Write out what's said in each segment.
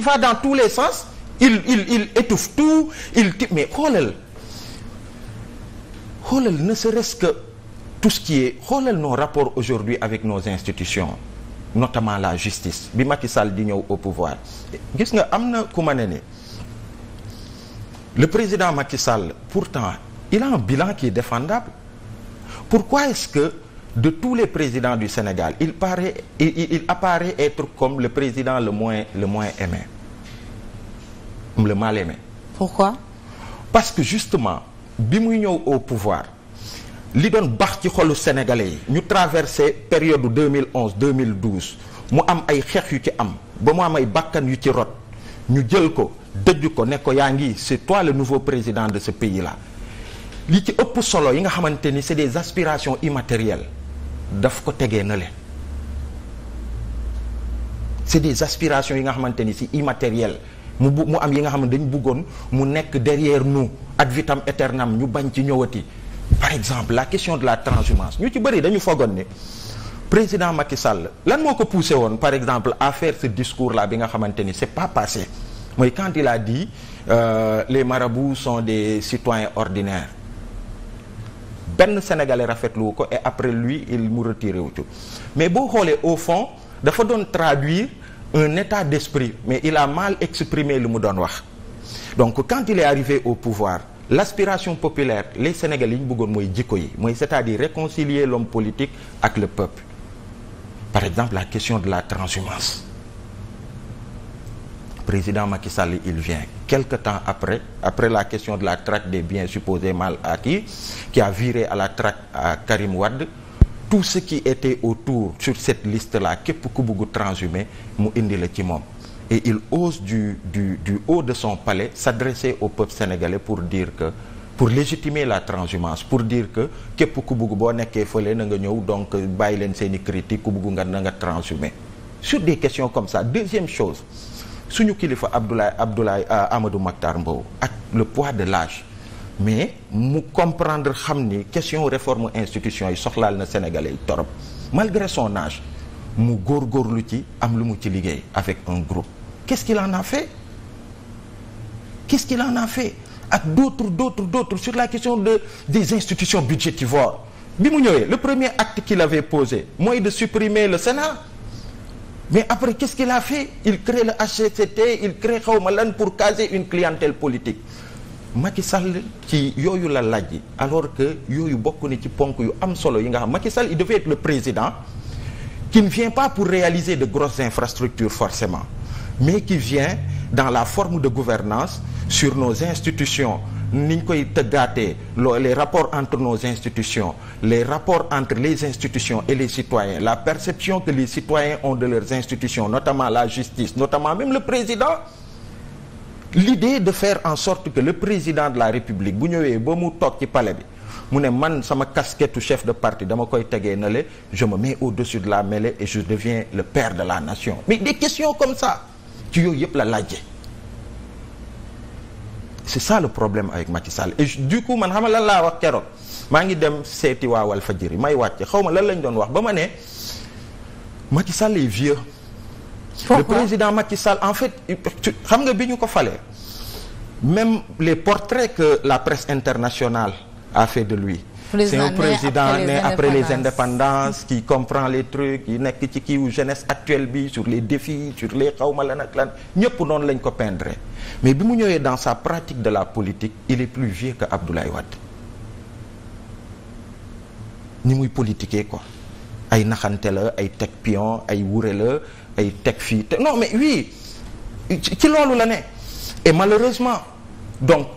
va dans tous les sens il il il étouffe tout il ti mais xoolal xoolal ne serait-ce que tout ce qui est xoolal nos rapports aujourd'hui avec nos institutions notamment la justice bi Macky Sall di ñëw au pouvoir gis nga am na ku ma ni le président Macky Sall pourtant il a un bilan qui est défendable pourquoi est-ce que de tous les présidents du Sénégal il paraît il, il apparaît être comme le président le moins le moins aimé le mal aimé pourquoi parce que justement bi muy ñëw au pouvoir li doon baax ci xolu sénégalais yi ñu traversé période 2011 2012 mu am ay xeex yu ci am ba mu am ay bakkan yu ci rot ñu jël ko dëj ko ne yaa ngi c'est toi le nouveau président de ce pays là li ci ëpp solo yi nga xamante ni c'est des aspirations immatérielles daf ko tegee na le c'est des aspirations yi nga xamante ni si immatériel mu bu mu am yi nga xam ne dañ bëggoon mu nekk derrière nous ad vitam aeternam ñu bañ ci ñëwati par exemple la question de la transhumance ñu ci bëri dañu foogoon ne président Macky Sall lan moo ko poussé woon par exemple à faire ce discours là bi nga xamante ni c'est pas passé mooy quand il a dit euh, les marabouts sont des citoyens ordinaires benn sénégalais rafetlu ko et après lui il mu retiré wu ci mais boo xoolee au fond dafa doon traduire un état d'esprit mais il a mal exprimé lu mu doon wax donc quand il est arrivé au pouvoir l'aspiration populaire les sénégal yi ñu bëggoon mooy jikko yi mooy c'est-à-dire réconcilier l'homme politique ak le peuple par exemple la question de la transhumance président Macky Sall il vient quelque temps après après la question de la traque des biens supposés mal acquis qui a viré à la traque à Karim wadd tout ce qui était autour sur cette liste là képp ku bugg transhumé mu indi la ci moom et il ose du du du haut de son palais s'adresser au peuple sénégalais pour dire que pour légitimer la transhumance pour dire que képp ku bugg boo nekkee fële na nga ñëw donc bàyyi leen seeni critique ku bugg nga na nga transhumé sur des questions comme ça deuxième chose suñu kilifa Abdoulaye Abdoulaye euh, Amadou Makhtar Mbow ak le poids de l'âge mais mu comprendre xam ni question réforme institution yi soxlal na sénégalais yi torop malgré son âge mu góorgóorlu ci am lu mu ci liggéey avec un groupe qu'est-ce qu'il en a fait qu'est-ce qu'il en a fait ak d'autres d'autres d'autres sur la question de des institutions budgétivores bi mu ñëwee le premier acte qu'il avait posé mooy de supprimer le Sénat mais après qu'est-ce qu'il a fait il crée le HCCT il crée xawma lan pour caser une clientèle politique Macky Sall ci yooyu la laaj alors que yooyu bokk na ci ponk yu am solo yi nga xam Macky Sall il devait être le président qui ne vient pas pour réaliser de grosses infrastructures forcément mais qui vient dans la forme de gouvernance sur nos institutions ni ñu koy tëggaatee loo les rapports entre nos institutions les rapports entre les institutions et les citoyens la perception que les citoyens ont de leurs institutions notamment la justice notamment même le président l'idée de faire en sorte que le président de la République bu ñëwee ba mu toog ci pale bi mu ne man sama casquette chef de parti dama koy tegee na le je me mets au-dessus de la mêlée et je deviens le père de la nation mais des questions comme ça ci yëpp la laajte c'est ça le problème avec Macky Sall et du coup man xam lan laa wax keroog maa ngi dem seeti waa Walfadjri may wàcc xaw ma lan lañ doon wax ba ma ne Macky Sall est vieux. Pourquoi? le président Macky Sall en fait xam nga bi ñu ko falee même les portraits que la presse internationale a de lui c'est un président né après les indépendances ki comprend les trucs yu nekk ci kiiwu jeunesse actuelle bi sur les défis sur les xawma la ak lan ñëpp noonu lañ ko peindre mais bi mu ñëwee dans sa pratique de la politique il est plus vieux que Abdoulaye Wade ni muy politiquer ko ay naxante la ay teg pion ay wure la ay teg fii te non mais oui ci loolu la ne et malheureusement donc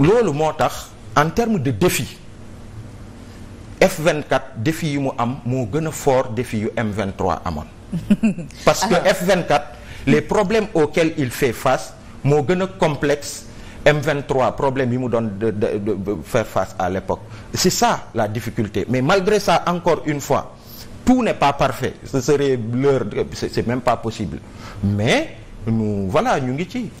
loolu moo tax en termes de défi f quatre défi yi mu am moo gën a fort défi yu M23 amoon parce que F24 les problèmes auxquels il fait face moo gën a complexe M23 problème yi mu doon de, de, de faire face à l'époque c'est ça la difficulté mais malgré ça encore une fois tout n'est pas parfait ce serait l'heure c'est même pas possible mais nous voilà ñu ngi ci